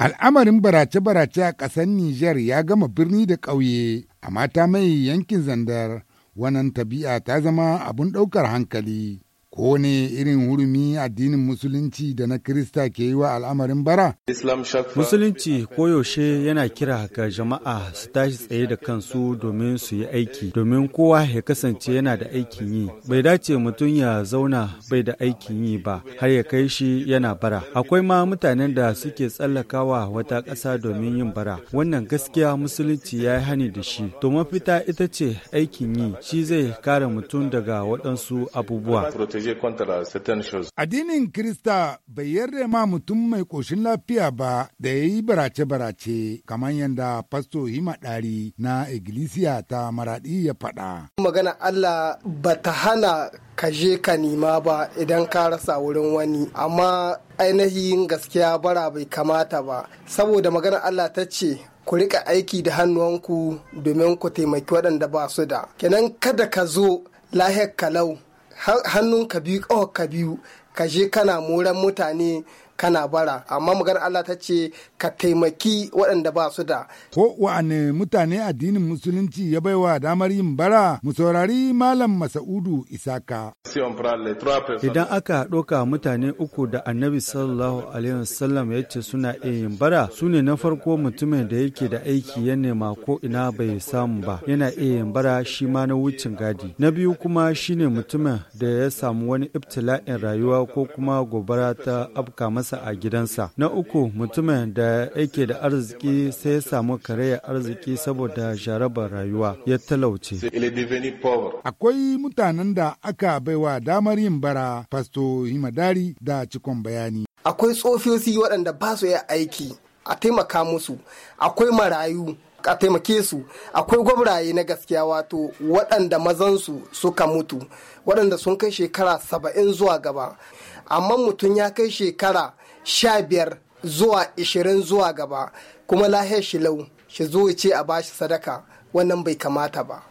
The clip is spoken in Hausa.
Al'amarin barace-barace a ƙasar Nijar ya gama birni da ƙauye, amma ta mai yankin zandar, wannan tabi'a ta zama abin ɗaukar hankali. ko ne irin hurumi addinin musulunci da na Kirista ke yi wa al'amarin bara? Musulunci koyaushe yana kira ga jama'a su tashi tsaye da kansu domin su yi aiki, domin kowa ya kasance yana da aikin yi. Bai dace mutum ya zauna bai da aikin yi ba, har ya kai shi yana bara. Akwai ma mutanen da suke tsallakawa wata ƙasa domin yin bara. Wannan gaskiya musulunci ya yi hani da shi. To mafita ita ce aikin yi, shi zai kare mutum daga waɗansu abubuwa. je Addinin Kirista bai yarda ma mutum mai koshin lafiya ba da ya yi barace-barace kamar yadda Pasto Hima na Iglesia ta Maradi ya faɗa. Magana Allah ba ta hana ka je ka nima ba idan ka rasa wurin wani amma ainihin gaskiya bara bai kamata ba saboda magana Allah ta ce ku rika aiki da hannuwanku domin ku taimaki waɗanda ba su da kenan kada ka zo lahiyar kalau hannun ka biyu kawai ka biyu ka je kana moran mutane kana bara amma maganar Allah ta ce ka taimaki waɗanda ba su da ko wa'ane mutane addinin musulunci ya bai wa damar yin bara mu saurari malam Masaudu Isaka idan aka ɗoka mutane uku da Annabi sallallahu alaihi wasallam ya ce suna iya yin bara su ne na farko mutumin da yake da aiki ya nema ko ina bai samu ba yana iya yin bara shi ma na wucin gadi na biyu kuma shine mutumin da ya samu wani ibtila'in rayuwa ko kuma gobara ta afka masa masa a gidansa. Na uku mutumin da yake da arziki sai ya samu karaya arziki saboda jarabar rayuwa ya talauce. Akwai mutanen da aka baiwa damar yin bara fasto himadari da cikon bayani. Akwai tsofiyosi waɗanda ba su aiki a taimaka musu akwai marayu a taimake su akwai gwabraye na gaskiya wato waɗanda mazansu suka mutu waɗanda sun kai shekara saba'in zuwa gaba amma mutum ya kai shekara sha biyar zuwa ishirin zuwa gaba kuma lahiyar shi lau shi zo ce a bashi sadaka wannan bai kamata ba